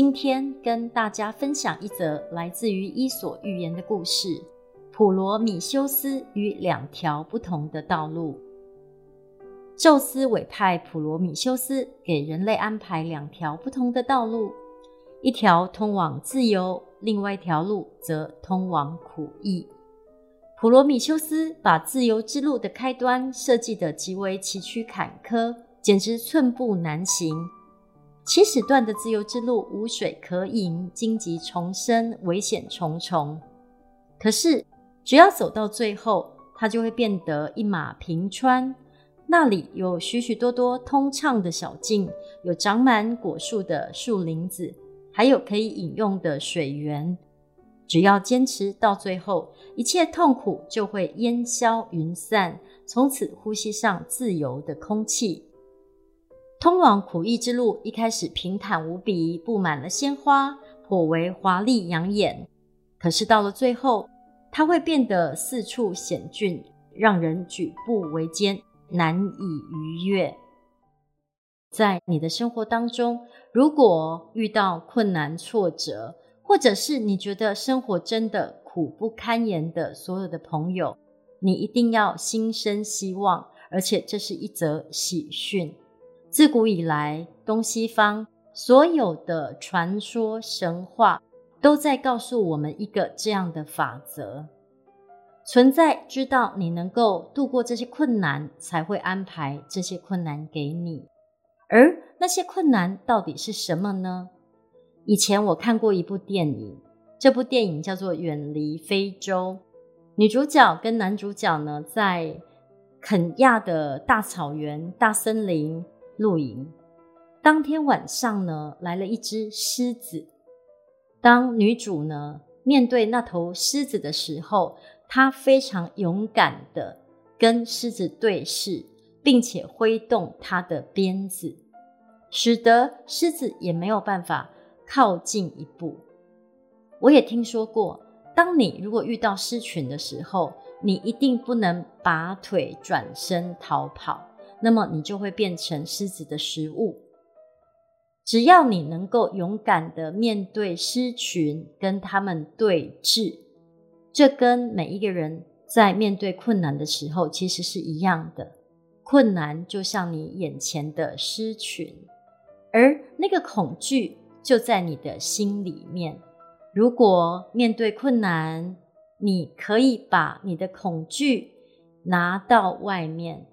今天跟大家分享一則來自於《伊索寓言》的故事：普羅米修斯與兩條不同的道路。宙斯委派普羅米修斯給人類安排兩條不同的道路，一條通往自由，另外一條路則通往苦役。普羅米修斯把自由之路的開端設計得極為崎嶇坎坷，簡直寸步難行。起始段的自由之路，無水可飲，荊棘叢生，危險重重。可是，只要走到最後，它就會變得一馬平川。那裡有許許多多通暢的小徑，有長滿果樹的樹林子，還有可以飲用的水源。只要堅持到最後，一切痛苦就會煙消雲散，從此呼吸上自由的空氣。通往苦役之路一開始平坦無比，佈滿了鮮花，頗為華麗養眼。可是到了最後，它會變得四處險峻，讓人舉步維艱，難以逾越。在你的生活當中，如果遇到困難挫折，或者是你覺得生活真的苦不堪言的所有的朋友，你一定要心生希望，而且這是一則喜訊。自古以來，東西方所有的傳說、神話都在告訴我們一個這樣的法則：存在知道你能夠度過這些困難，才會安排這些困難給你。而那些困難到底是什麼呢？以前我看過一部電影，這部電影叫做《遠離非洲》。女主角跟男主角呢，在肯亞的大草原、大森林。露營當天晚上呢，來了一隻獅子。當女主呢面對那頭獅子的時候，她非常勇敢的跟獅子對視，並且揮動她的鞭子，使得獅子也沒有辦法靠近一步。我也聽說過，當你如果遇到獅群的時候，你一定不能拔腿轉身逃跑。那麼你就會變成獅子的食物。只要你能夠勇敢的面對獅群，跟他們對峙，這跟每一個人在面對困難的時候其實是一樣的。困難就像你眼前的獅群，而那個恐懼就在你的心裡面。如果面對困難，你可以把你的恐懼拿到外面。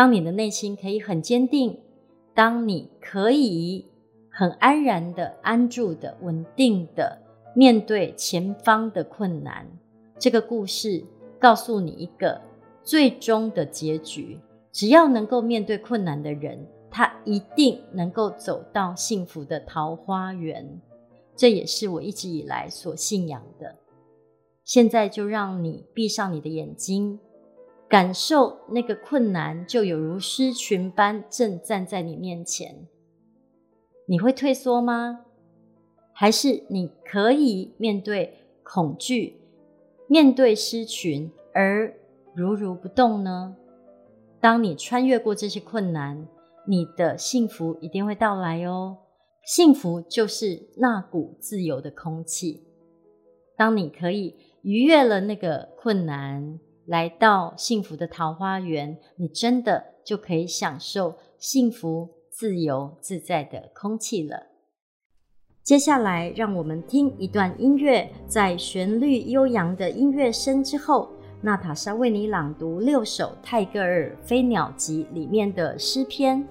當你的內心可以很堅定，當你可以很安然的、安住的、穩定的面對前方的困難，這個故事告訴你一個最終的結局：只要能夠面對困難的人，他一定能夠走到幸福的桃花源。這也是我一直以來所信仰的。現在就讓你閉上你的眼睛。感受那個困難，就有如獅群般正站在你面前，你會退縮嗎？還是你可以面對恐懼，面對獅群而如如不動呢？當你穿越過這些困難，你的幸福一定會到來哦！幸福就是那股自由的空氣。當你可以逾越了那個困難。來到幸福的桃花源，你真的就可以享受幸福、自由、自在的空氣了。接下來，讓我們聽一段音樂，在旋律悠揚的音樂聲之後，娜塔莎為你朗讀六首泰戈爾《飛鳥集》裡面的詩篇。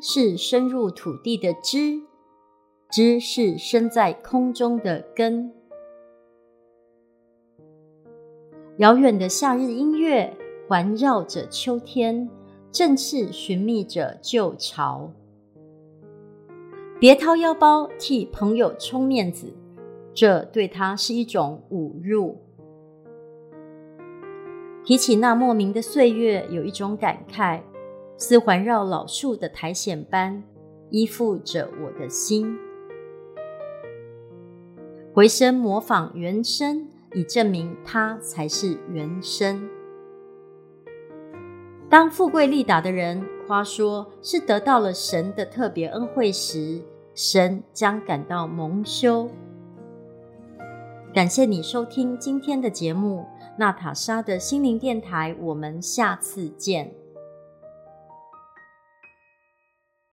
是深入土地的枝，枝是生在空中的根。遙遠的夏日，音樂環繞着秋天，正是尋覓着舊巢。別掏腰包替朋友充面子，這對他是一種侮辱。提起那莫名的歲月，有一種感慨。似環繞老樹的苔蘚般依附着我的心。回聲模仿原聲，以證明它才是原聲。當富貴利達的人誇說是得到了神的特別恩惠時，神將感到蒙羞。感謝你收聽今天的節目，娜塔莎的心靈電台，我們下次見。